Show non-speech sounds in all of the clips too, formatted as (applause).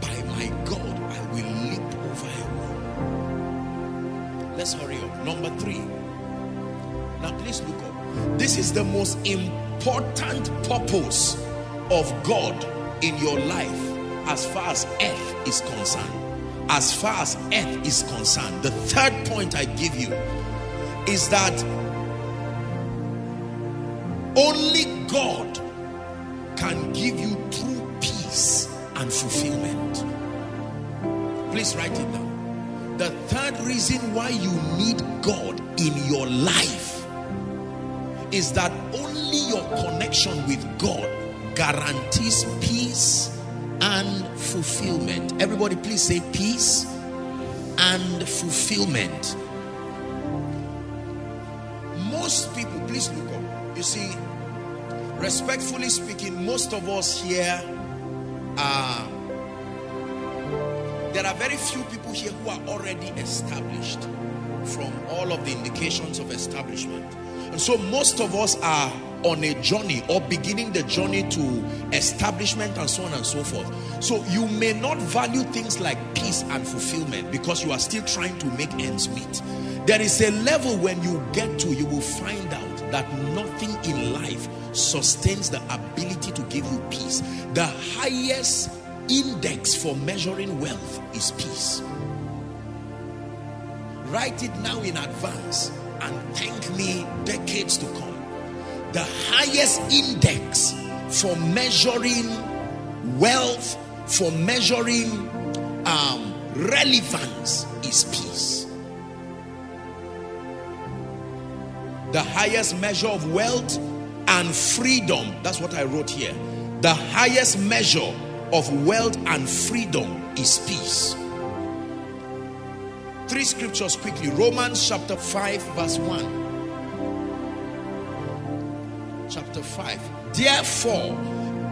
By my God, I will leap over a wall. Let's hurry up. Number three. Now, please look up. This is the most important purpose of God in your life as far as earth is concerned. As far as earth is concerned, the third point I give you is that only God can give you and fulfillment. Please write it down. The third reason why you need God in your life is that only your connection with God guarantees peace and fulfillment. Everybody please say peace and fulfillment. Most people, please look up. You see, respectfully speaking, most of us here uh, there are very few people here who are already established from all of the indications of establishment. And so most of us are on a journey or beginning the journey to establishment and so on and so forth. So you may not value things like peace and fulfillment because you are still trying to make ends meet. There is a level when you get to, you will find out that nothing in life sustains the ability to give you peace. The highest index for measuring wealth is peace. Write it now in advance and thank me decades to come. The highest index for measuring wealth, for measuring um, relevance is peace. The highest measure of wealth and freedom. That's what I wrote here. The highest measure of wealth and freedom is peace. Three scriptures quickly. Romans chapter 5 verse 1. Chapter 5. Therefore,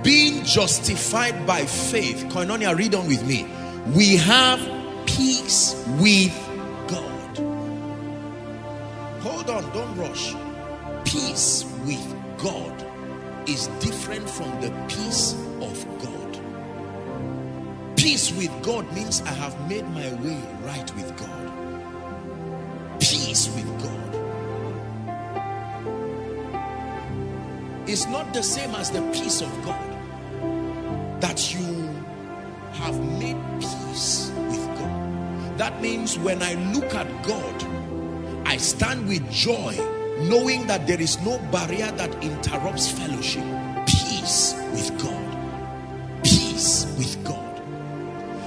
being justified by faith, Koinonia, read on with me. We have peace with God. Hold on, don't rush. Peace with God is different from the peace of God. Peace with God means I have made my way right with God. Peace with God. is not the same as the peace of God. That you have made peace with God. That means when I look at God, I stand with joy knowing that there is no barrier that interrupts fellowship. Peace with God. Peace with God.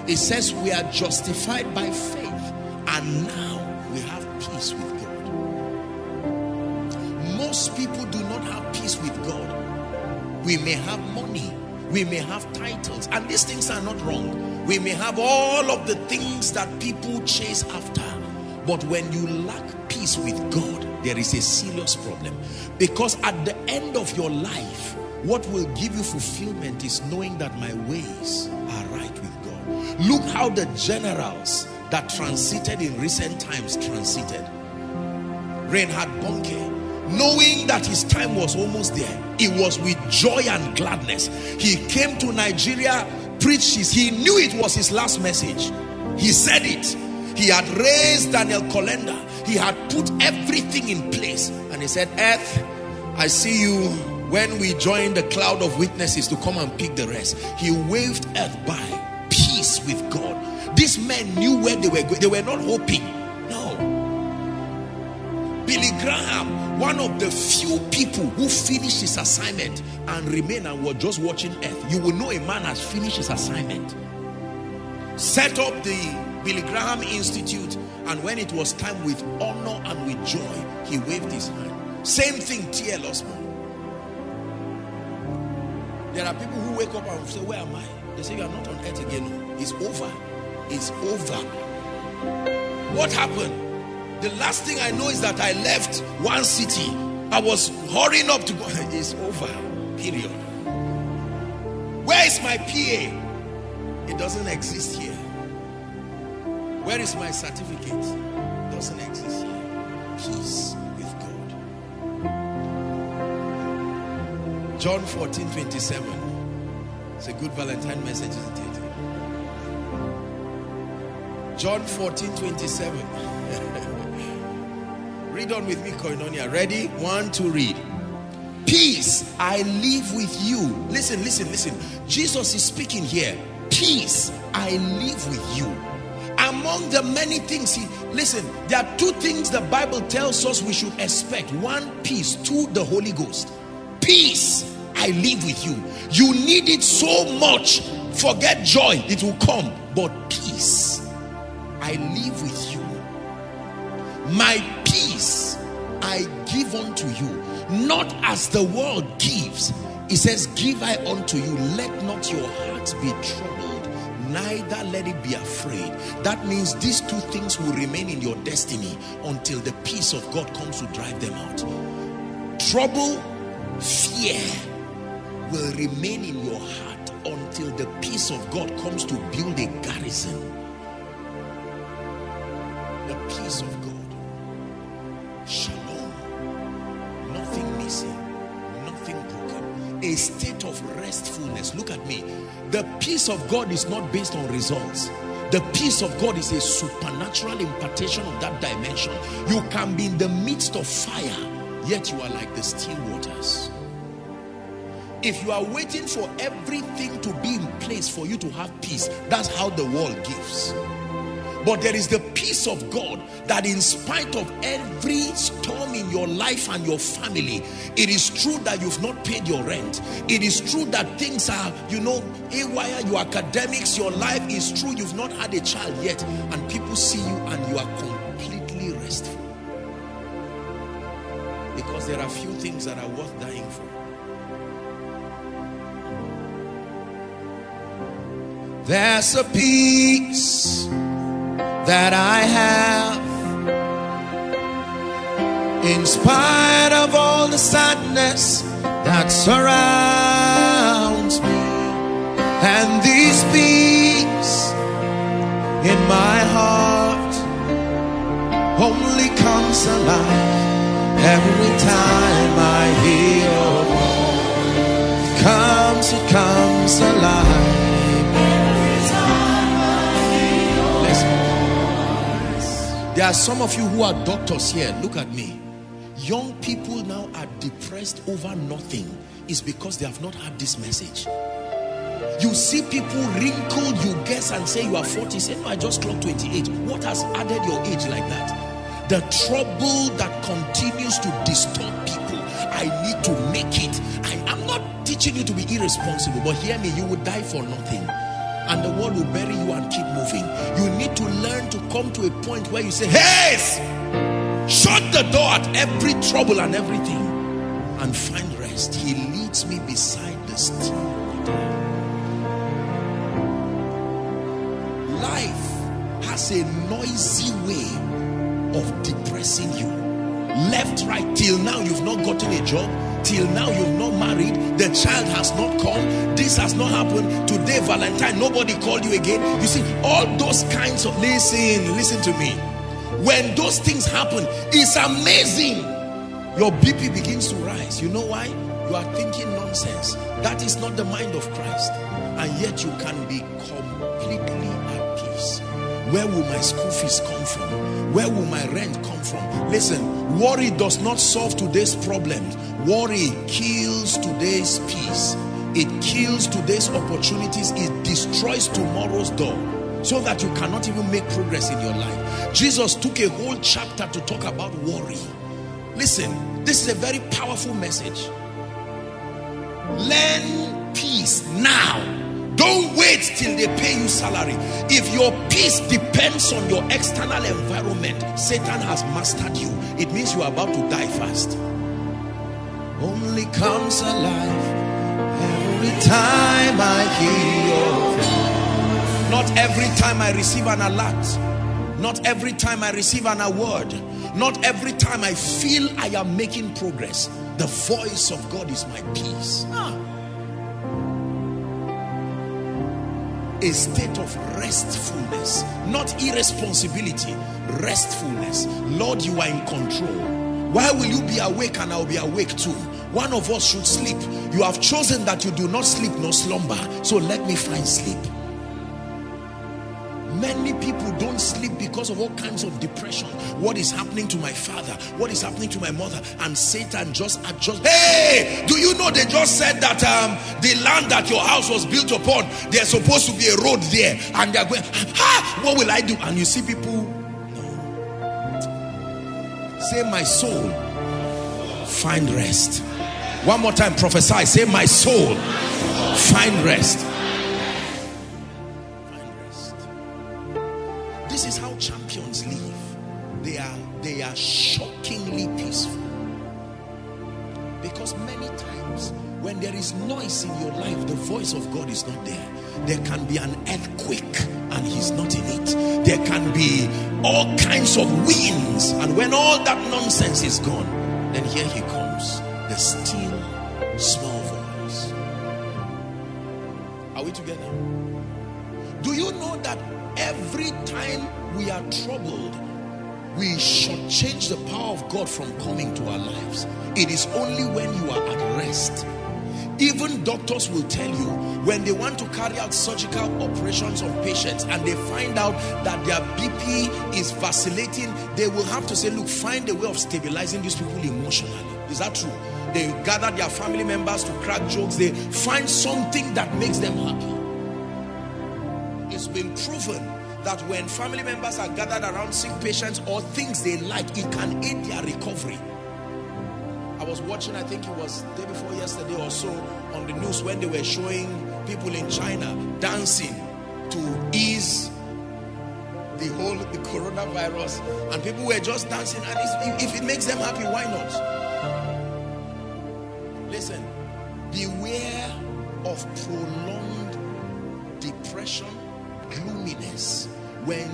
It says we are justified by faith and now we have peace with God. Most people do not have peace with God. We may have money. We may have titles. And these things are not wrong. We may have all of the things that people chase after. But when you lack peace with God, there is a serious problem. Because at the end of your life, what will give you fulfillment is knowing that my ways are right with God. Look how the generals that transited in recent times transited. Reinhard Bonke, knowing that his time was almost there, it was with joy and gladness. He came to Nigeria, preached his, he knew it was his last message. He said it. He had raised Daniel Kolenda he had put everything in place. And he said, Earth, I see you when we join the cloud of witnesses to come and pick the rest. He waved earth by. Peace with God. These men knew where they were going. They were not hoping. No. Billy Graham, one of the few people who finished his assignment and remained and were just watching earth. You will know a man has finished his assignment. Set up the Billy Graham Institute and when it was time with honor and with joy, he waved his hand. Same thing, T.L. Osborne. There are people who wake up and say, where am I? They say, you are not on earth again. It's over. It's over. What happened? The last thing I know is that I left one city. I was hurrying up to go. (laughs) It's over. Period. Where is my PA? It doesn't exist here. Where is my certificate? Doesn't exist here. Peace with God. John 14, 27. It's a good Valentine message, isn't it? John 14, 27. (laughs) read on with me, Koinonia. Ready? One, two, read. Peace I live with you. Listen, listen, listen. Jesus is speaking here. Peace I live with you among the many things he listen there are two things the bible tells us we should expect one peace two the holy ghost peace i live with you you need it so much forget joy it will come but peace i live with you my peace i give unto you not as the world gives he says give i unto you let not your heart be troubled neither let it be afraid. That means these two things will remain in your destiny until the peace of God comes to drive them out. Trouble, fear will remain in your heart until the peace of God comes to build a garrison. The peace of God. Shalom. Nothing missing. Nothing broken. A state of restfulness. Look at me the peace of God is not based on results. The peace of God is a supernatural impartation of that dimension. You can be in the midst of fire, yet you are like the still waters. If you are waiting for everything to be in place for you to have peace, that's how the world gives. But there is the peace of God that in spite of every storm in your life and your family, it is true that you've not paid your rent. It is true that things are, you know, AYA, your academics, your life is true. You've not had a child yet. And people see you and you are completely restful. Because there are few things that are worth dying for. There's a peace that I have. In spite of all the sadness that surrounds me, and these beats in my heart only comes alive every time I. are some of you who are doctors here. Look at me. Young people now are depressed over nothing. It's because they have not had this message. You see people wrinkled, you guess and say you are 40. Say, no, I just clocked 28. What has added your age like that? The trouble that continues to disturb people. I need to make it. I, I'm not teaching you to be irresponsible, but hear me, you will die for nothing and the world will bury you and keep moving. You need to learn to come to a point where you say, Hey, shut the door at every trouble and everything and find rest. He leads me beside the still Life has a noisy way of depressing you. Left, right, till now you've not gotten a job till now you've not married the child has not come this has not happened today valentine nobody called you again you see all those kinds of listen listen to me when those things happen it's amazing your bp begins to rise you know why you are thinking nonsense that is not the mind of christ and yet you can be completely where will my school fees come from? Where will my rent come from? Listen, worry does not solve today's problems. Worry kills today's peace. It kills today's opportunities. It destroys tomorrow's door so that you cannot even make progress in your life. Jesus took a whole chapter to talk about worry. Listen, this is a very powerful message. Learn peace now don't wait till they pay you salary. If your peace depends on your external environment, Satan has mastered you. It means you are about to die fast. Only comes alive every time I hear Not every time I receive an alert. Not every time I receive an award. Not every time I feel I am making progress. The voice of God is my peace. Ah. a state of restfulness, not irresponsibility, restfulness. Lord, you are in control. Why will you be awake and I'll be awake too? One of us should sleep. You have chosen that you do not sleep nor slumber. So let me find sleep. Many people don't sleep because of all kinds of depression. What is happening to my father? What is happening to my mother? And Satan just adjusts. Hey, do you know they just said that um, the land that your house was built upon, there's supposed to be a road there. And they're going, what will I do? And you see people, no. Say, my soul, find rest. One more time, prophesy. Say, my soul, find rest. There can be an earthquake and he's not in it. There can be all kinds of winds, and when all that nonsense is gone, then here he comes, the still small voice. Are we together? Do you know that every time we are troubled, we should change the power of God from coming to our lives? It is only when you are at rest even doctors will tell you when they want to carry out surgical operations on patients and they find out that their BP is vacillating, they will have to say, look, find a way of stabilizing these people emotionally. Is that true? They gather their family members to crack jokes. They find something that makes them happy. It's been proven that when family members are gathered around sick patients or things they like, it can aid their recovery was watching, I think it was day before yesterday or so, on the news when they were showing people in China dancing to ease the whole the coronavirus and people were just dancing and if it makes them happy why not listen beware of prolonged depression gloominess when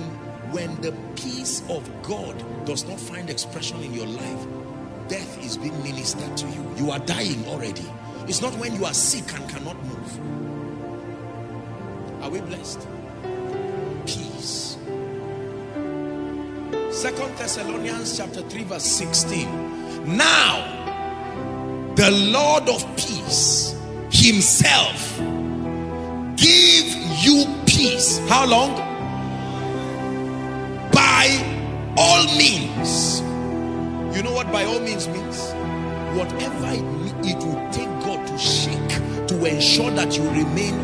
when the peace of god does not find expression in your life death is being ministered to you. You are dying already. It's not when you are sick and cannot move. Are we blessed? Peace. Second Thessalonians chapter 3 verse 16. Now, the Lord of peace himself give you peace. How long? By all means by all means means whatever it, it will take God to shake to ensure that you remain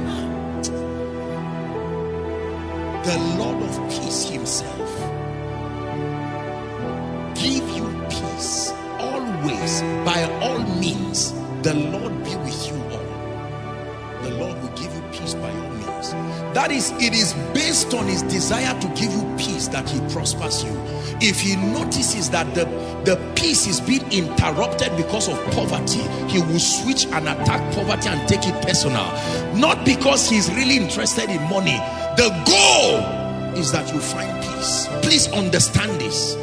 the Lord of peace himself give you peace always by all means the Lord be with you all the Lord will give you peace by all means that is it is based on his desire to give you that he prospers you, if he notices that the, the peace is being interrupted because of poverty, he will switch and attack poverty and take it personal. Not because he's really interested in money. The goal is that you find peace. Please understand this.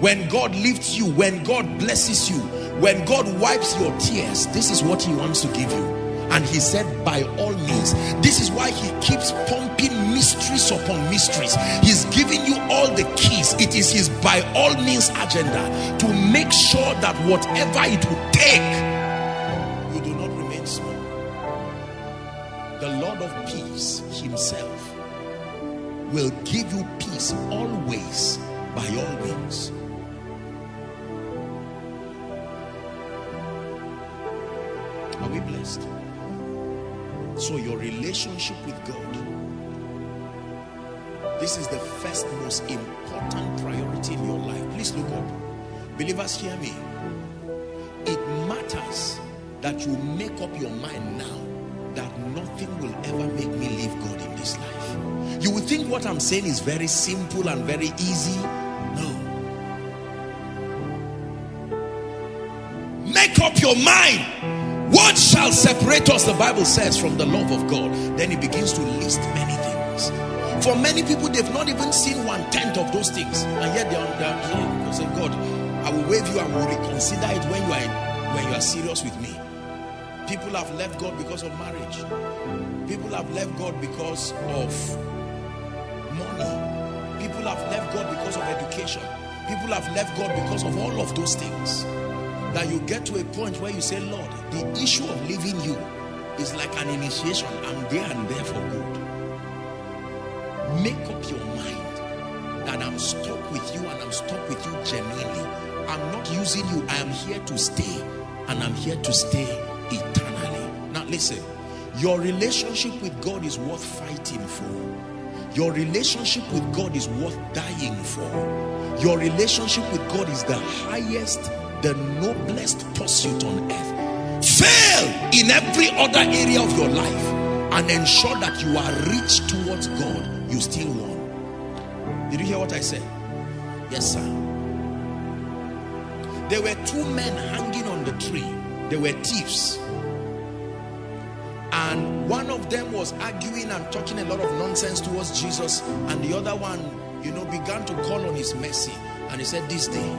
When God lifts you, when God blesses you, when God wipes your tears, this is what he wants to give you. And he said, by all means. This is why he keeps pumping mysteries upon mysteries. He's giving you all the keys. It is his by all means agenda to make sure that whatever it would take, you do not remain small. The Lord of peace himself will give you peace always by all means. Are we blessed? So your relationship with God, this is the first most important priority in your life. Please look up. Believers, hear me. It matters that you make up your mind now that nothing will ever make me leave God in this life. You will think what I'm saying is very simple and very easy. No. Make up your mind what shall separate us, the Bible says, from the love of God? Then he begins to list many things. For many people, they've not even seen one tenth of those things. And yet they are, they are here because of God. I will wave you I will reconsider it when you are when you are serious with me. People have left God because of marriage. People have left God because of money. People have left God because of education. People have left God because of all of those things that you get to a point where you say, Lord, the issue of leaving you is like an initiation. I'm there and there for good. Make up your mind that I'm stuck with you and I'm stuck with you genuinely. I'm not using you. I am here to stay and I'm here to stay eternally. Now listen, your relationship with God is worth fighting for. Your relationship with God is worth dying for. Your relationship with God is the highest the noblest pursuit on earth. Fail in every other area of your life and ensure that you are rich towards God. You still won. Did you hear what I said? Yes, sir. There were two men hanging on the tree. They were thieves. And one of them was arguing and talking a lot of nonsense towards Jesus. And the other one, you know, began to call on his mercy. And he said, this day,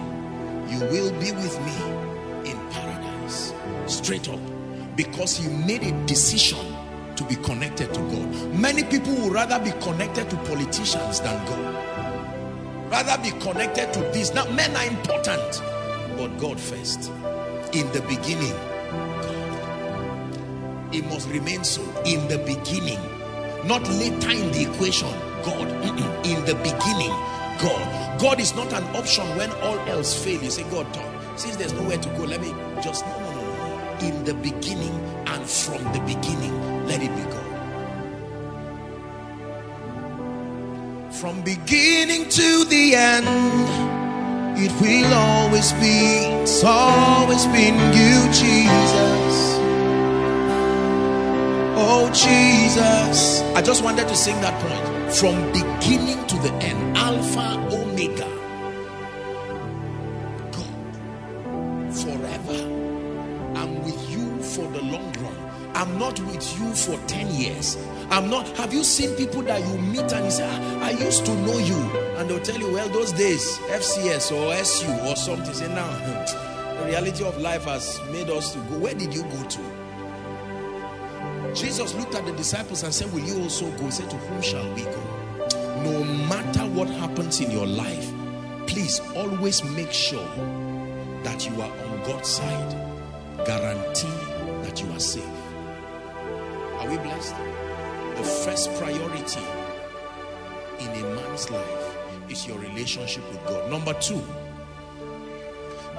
you will be with me in paradise. Straight up. Because he made a decision to be connected to God. Many people would rather be connected to politicians than God. Rather be connected to this. Now, men are important, but God first. In the beginning, God. It must remain so. In the beginning, not later in the equation, God. In the beginning, God. God is not an option when all else fails. You say, God, talk. since there's nowhere to go, let me just, no, no, no. In the beginning and from the beginning, let it be God. From beginning to the end, it will always be, it's always been you, Jesus. Oh, Jesus. I just wanted to sing that point. From beginning to the end, Omega. God, forever. I'm with you for the long run. I'm not with you for 10 years. I'm not. Have you seen people that you meet and you say, ah, I used to know you? And they'll tell you, well, those days, FCS or SU or something. Say, now, (laughs) the reality of life has made us to go. Where did you go to? Jesus looked at the disciples and said, Will you also go? He said, To whom shall we go? no matter what happens in your life, please always make sure that you are on God's side. Guarantee that you are safe. Are we blessed? The first priority in a man's life is your relationship with God. Number two,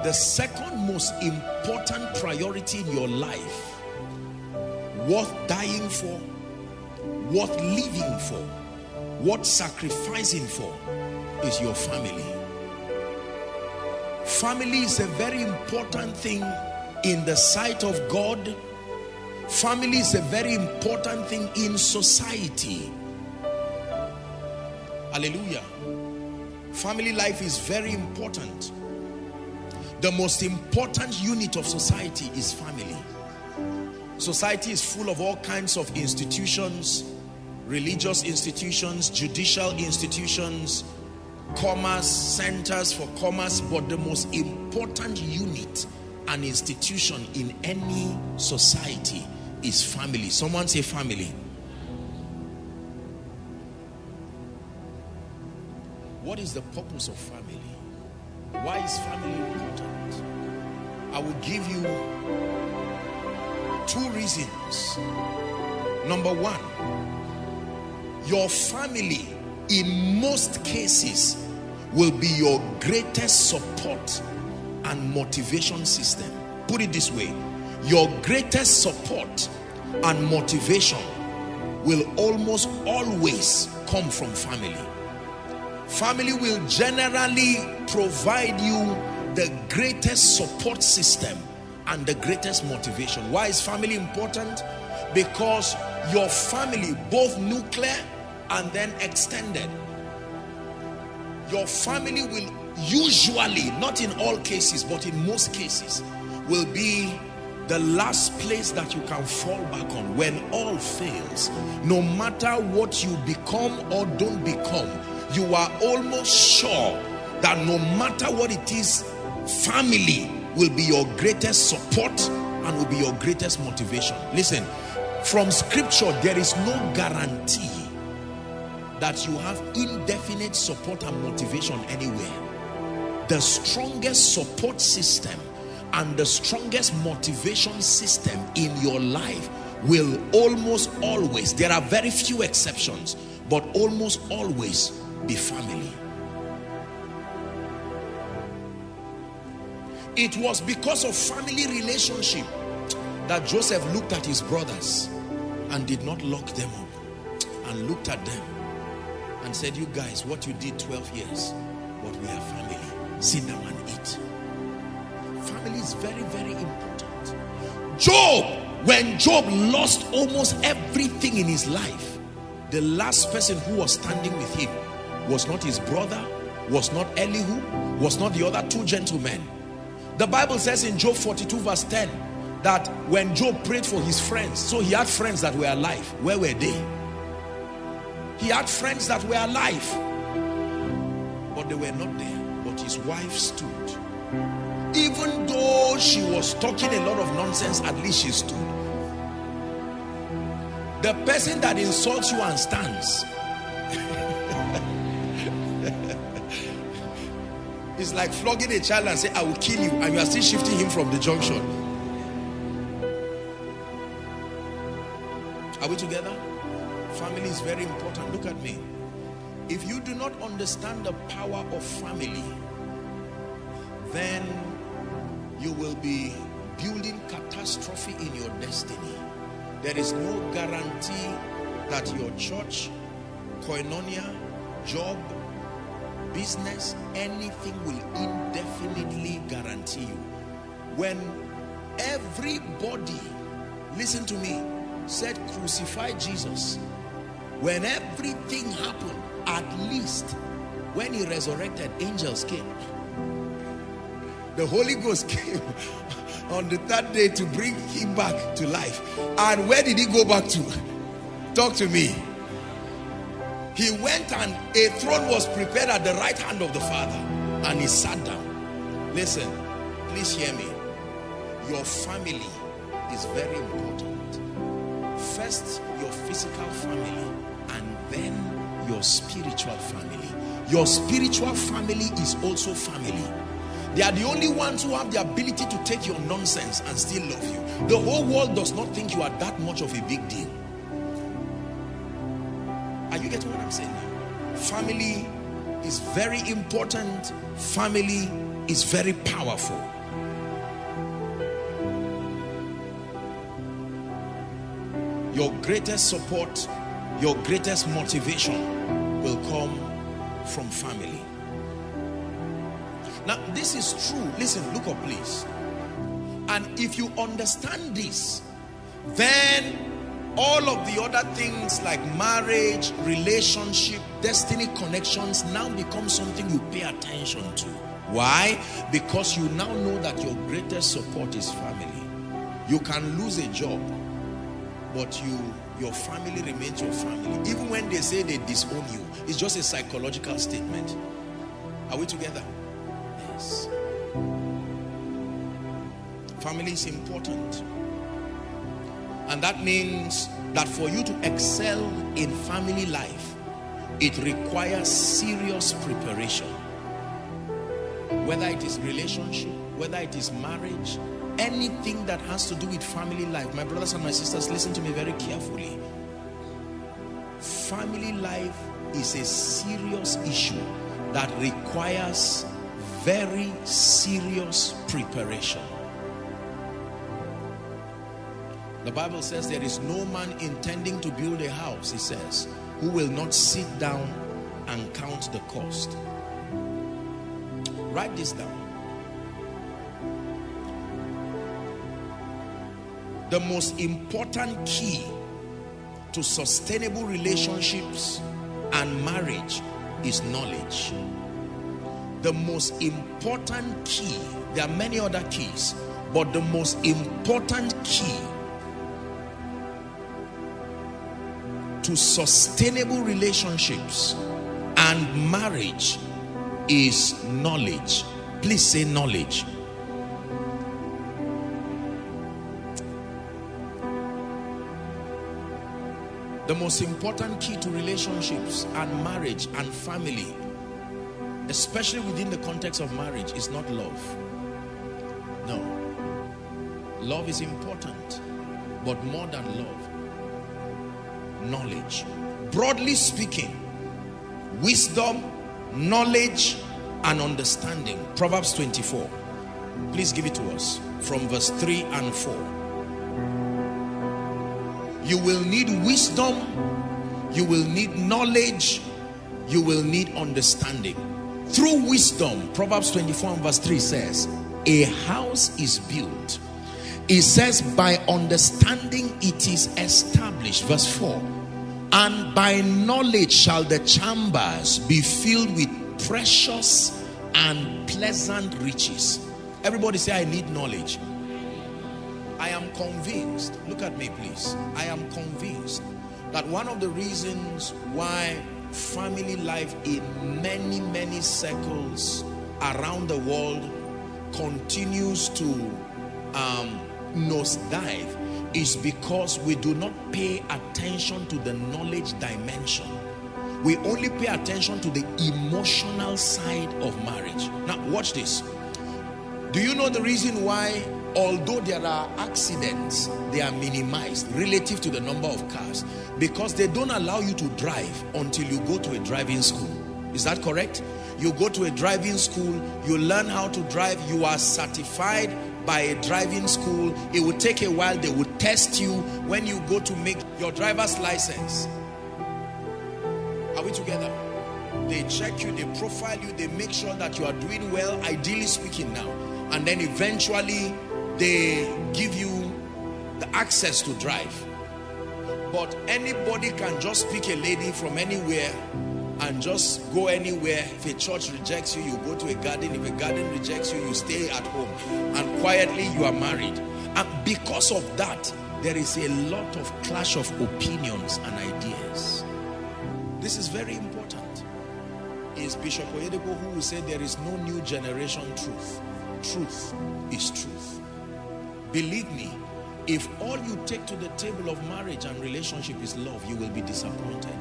the second most important priority in your life worth dying for, worth living for, what sacrificing for is your family family is a very important thing in the sight of God family is a very important thing in society hallelujah family life is very important the most important unit of society is family society is full of all kinds of institutions religious institutions, judicial institutions, commerce centers for commerce, but the most important unit an institution in any society is family. Someone say family. What is the purpose of family? Why is family important? I will give you two reasons. Number one, your family in most cases will be your greatest support and motivation system put it this way your greatest support and motivation will almost always come from family family will generally provide you the greatest support system and the greatest motivation why is family important because your family both nuclear and then extended. Your family will usually, not in all cases, but in most cases, will be the last place that you can fall back on when all fails. No matter what you become or don't become, you are almost sure that no matter what it is, family will be your greatest support and will be your greatest motivation. Listen, from scripture, there is no guarantee that you have indefinite support and motivation anywhere. The strongest support system and the strongest motivation system in your life will almost always, there are very few exceptions, but almost always be family. It was because of family relationship that Joseph looked at his brothers and did not lock them up and looked at them and said, You guys, what you did 12 years, but we are family. Sit down and eat. Family is very, very important. Job, when Job lost almost everything in his life, the last person who was standing with him was not his brother, was not Elihu, was not the other two gentlemen. The Bible says in Job 42 verse 10 that when Job prayed for his friends, so he had friends that were alive. Where were they? He had friends that were alive, but they were not there. But his wife stood. Even though she was talking a lot of nonsense, at least she stood. The person that insults you and stands It's (laughs) like flogging a child and say, I will kill you, and you are still shifting him from the junction. Are we together? family is very important. Look at me. If you do not understand the power of family, then you will be building catastrophe in your destiny. There is no guarantee that your church, koinonia, job, business, anything will indefinitely guarantee you. When everybody, listen to me, said crucify Jesus, when everything happened, at least when he resurrected, angels came. The Holy Ghost (laughs) came on the third day to bring him back to life. And where did he go back to? Talk to me. He went and a throne was prepared at the right hand of the Father. And he sat down. Listen, please hear me. Your family is very important first your physical family and then your spiritual family. Your spiritual family is also family. They are the only ones who have the ability to take your nonsense and still love you. The whole world does not think you are that much of a big deal. Are you getting what I'm saying now? Family is very important. Family is very powerful. your greatest support, your greatest motivation will come from family. Now, this is true. Listen, look up, please. And if you understand this, then all of the other things like marriage, relationship, destiny connections now become something you pay attention to. Why? Because you now know that your greatest support is family. You can lose a job but you your family remains your family even when they say they disown you it's just a psychological statement are we together yes family is important and that means that for you to excel in family life it requires serious preparation whether it is relationship whether it is marriage anything that has to do with family life, my brothers and my sisters, listen to me very carefully. Family life is a serious issue that requires very serious preparation. The Bible says there is no man intending to build a house, he says, who will not sit down and count the cost. Write this down. the most important key to sustainable relationships and marriage is knowledge. The most important key, there are many other keys, but the most important key to sustainable relationships and marriage is knowledge. Please say knowledge. The most important key to relationships and marriage and family, especially within the context of marriage, is not love. No. Love is important, but more than love, knowledge. Broadly speaking, wisdom, knowledge, and understanding. Proverbs 24. Please give it to us from verse 3 and 4 you will need wisdom, you will need knowledge, you will need understanding. Through wisdom, Proverbs 24 and verse 3 says, a house is built. It says, by understanding it is established. Verse 4, and by knowledge shall the chambers be filled with precious and pleasant riches. Everybody say, I need knowledge. I am convinced, look at me please, I am convinced that one of the reasons why family life in many, many circles around the world continues to um, nose dive is because we do not pay attention to the knowledge dimension. We only pay attention to the emotional side of marriage. Now watch this. Do you know the reason why although there are accidents they are minimized relative to the number of cars because they don't allow you to drive until you go to a driving school is that correct you go to a driving school you learn how to drive you are certified by a driving school it will take a while they will test you when you go to make your driver's license are we together they check you they profile you they make sure that you are doing well ideally speaking now and then eventually they give you the access to drive but anybody can just pick a lady from anywhere and just go anywhere if a church rejects you you go to a garden if a garden rejects you you stay at home and quietly you are married and because of that there is a lot of clash of opinions and ideas this is very important is bishop oyedepo who will say there is no new generation truth truth is truth Believe me, if all you take to the table of marriage and relationship is love, you will be disappointed.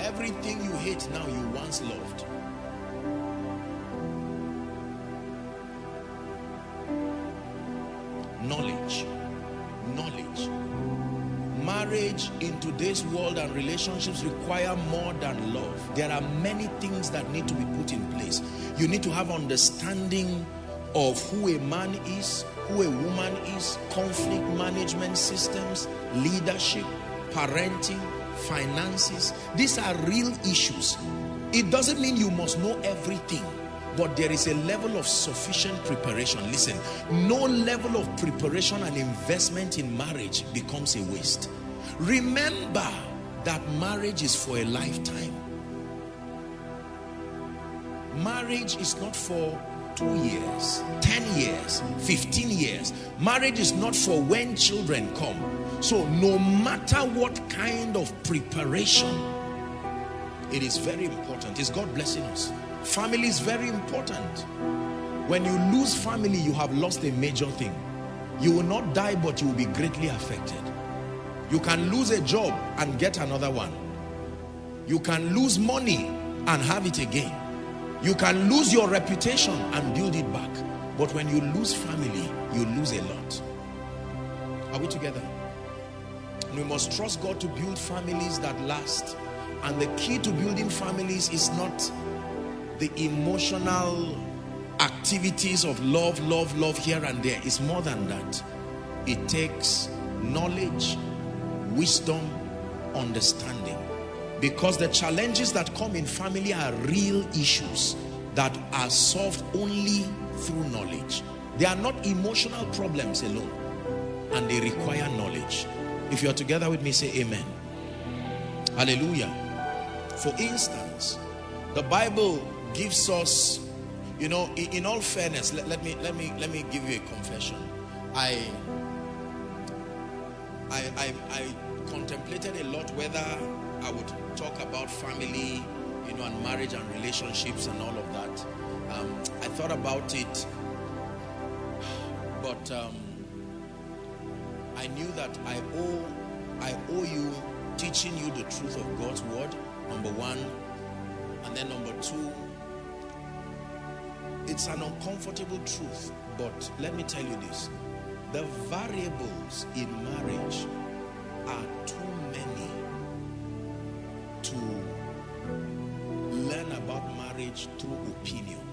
Everything you hate now, you once loved. Knowledge. Knowledge. Marriage in today's world and relationships require more than love. There are many things that need to be put in place. You need to have understanding of who a man is, who a woman is, conflict management systems, leadership, parenting, finances. These are real issues. It doesn't mean you must know everything, but there is a level of sufficient preparation. Listen, no level of preparation and investment in marriage becomes a waste. Remember that marriage is for a lifetime. Marriage is not for two years 10 years 15 years marriage is not for when children come so no matter what kind of preparation it is very important is God blessing us family is very important when you lose family you have lost a major thing you will not die but you will be greatly affected you can lose a job and get another one you can lose money and have it again you can lose your reputation and build it back. But when you lose family, you lose a lot. Are we together? And we must trust God to build families that last. And the key to building families is not the emotional activities of love, love, love here and there. It's more than that. It takes knowledge, wisdom, understanding because the challenges that come in family are real issues that are solved only through knowledge. They are not emotional problems alone and they require knowledge. If you are together with me, say amen. Hallelujah. For instance, the Bible gives us, you know, in, all fairness, let, let me let me let me give you a confession. I I, I, I contemplated a lot whether I would talk about family, you know, and marriage and relationships and all of that. Um, I thought about it, but um, I knew that I owe, I owe you teaching you the truth of God's word, number one. And then number two, it's an uncomfortable truth, but let me tell you this. The variables in marriage are too to learn about marriage through opinion